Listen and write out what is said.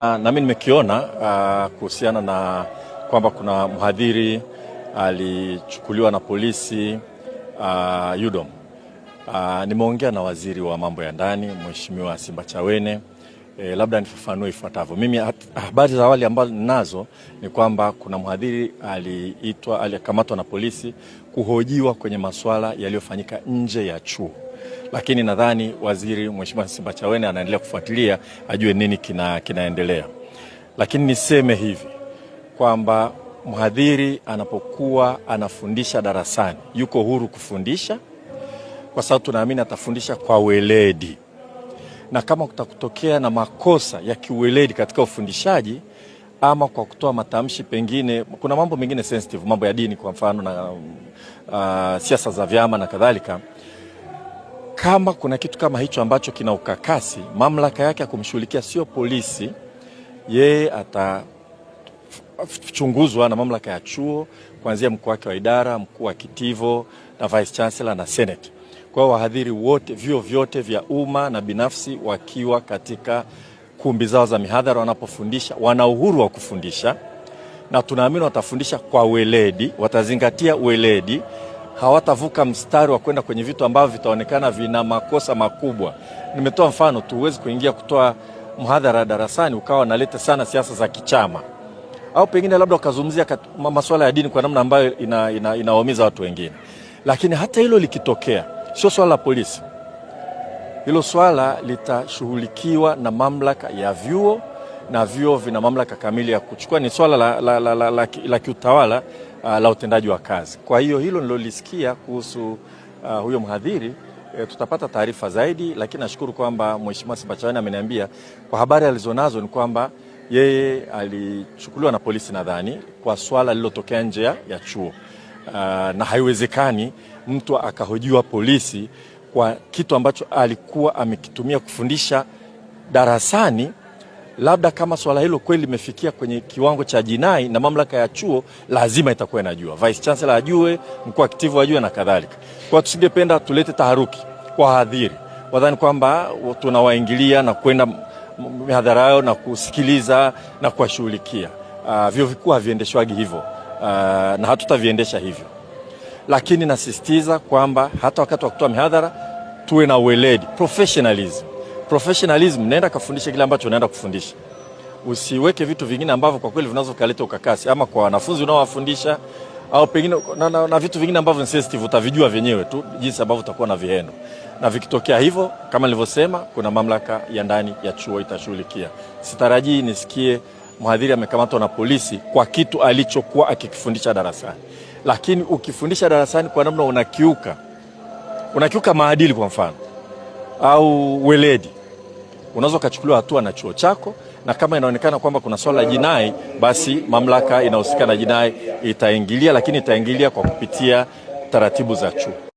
Ah, Nami nimekiona ah, kuhusiana na kwamba kuna mhadhiri alichukuliwa na polisi uh, Yudom. Uh, nimeongea na waziri wa mambo ya ndani Mheshimiwa Simba Chawene. E, labda nifafanue ifuatavyo. Mimi habari za awali ambazo ninazo ni kwamba kuna mhadhiri aliitwa alikamatwa na polisi kuhojiwa kwenye masuala yaliyofanyika nje ya chuo lakini nadhani waziri Mheshimiwa Simbachawene anaendelea kufuatilia ajue nini kina, kinaendelea. Lakini niseme hivi kwamba mhadhiri anapokuwa anafundisha darasani yuko huru kufundisha, kwa sababu tunaamini atafundisha kwa weledi, na kama kutakutokea na makosa ya kiweledi katika ufundishaji ama kwa kutoa matamshi, pengine kuna mambo mengine sensitive, mambo ya dini kwa mfano na uh, siasa za vyama na kadhalika kama kuna kitu kama hicho ambacho kina ukakasi, mamlaka yake ya kumshughulikia sio polisi. Yeye atachunguzwa na mamlaka ya chuo kuanzia mkuu wake wa idara, mkuu wa kitivo na vice chancellor na senate. Kwa hiyo wahadhiri wote vyuo vyote vya umma na binafsi wakiwa katika kumbi zao za mihadhara, wanapofundisha wana uhuru wa kufundisha, na tunaamini watafundisha kwa weledi, watazingatia weledi hawatavuka mstari wa kwenda kwenye vitu ambavyo vitaonekana vina makosa makubwa. Nimetoa mfano tu, huwezi kuingia kutoa mhadhara darasani ukawa unaleta sana siasa za kichama au pengine labda ukazungumzia masuala ya dini kwa namna ambayo inawaumiza ina, ina watu wengine. Lakini hata hilo likitokea, sio swala la polisi, hilo swala litashughulikiwa na mamlaka ya vyuo na vyuo vina mamlaka kamili ya kuchukua. Ni swala la, la, la, la, la, la kiutawala uh, la utendaji wa kazi. Kwa hiyo hilo nilolisikia kuhusu uh, huyo mhadhiri e, tutapata taarifa zaidi, lakini nashukuru kwamba Mheshimiwa Simbachawene ameniambia kwa habari alizonazo ni kwamba yeye alichukuliwa na polisi nadhani kwa swala lililotokea nje ya chuo. Uh, na haiwezekani mtu akahojiwa polisi kwa kitu ambacho alikuwa amekitumia kufundisha darasani labda kama swala hilo kweli limefikia kwenye kiwango cha jinai, na mamlaka ya chuo lazima itakuwa inajua, vice chancellor ajue, mkuu aktivu ajue na kadhalika. Kwa tusingependa tulete taharuki kwa hadhiri, wadhani kwamba tunawaingilia na kwenda mihadhara yao na kusikiliza na kuwashughulikia. Uh, vyuo vikuu haviendeshwagi hivyo, uh, na hatutaviendesha hivyo, lakini nasisitiza kwamba hata wakati wa kutoa mihadhara tuwe na weledi, professionalism professionalism, naenda kafundisha kile ambacho unaenda kufundisha, usiweke vitu vingine ambavyo kwa kweli vinaweza ukakasi ama kwa wanafunzi unaowafundisha au pengine na, na, na vitu vingine ambavyo ni sensitive utavijua vyenyewe tu jinsi ambavyo utakuwa na vihendo, na vikitokea hivyo, kama nilivyosema, kuna mamlaka ya ndani ya chuo itashughulikia. Sitarajii nisikie mhadhiri amekamatwa na polisi kwa kitu alichokuwa akikifundisha darasani, lakini ukifundisha darasani kwa namna unakiuka unakiuka maadili kwa mfano au weledi unaweza ukachukuliwa hatua na chuo chako, na kama inaonekana kwamba kuna swala la jinai, basi mamlaka inahusika na jinai itaingilia, lakini itaingilia kwa kupitia taratibu za chuo.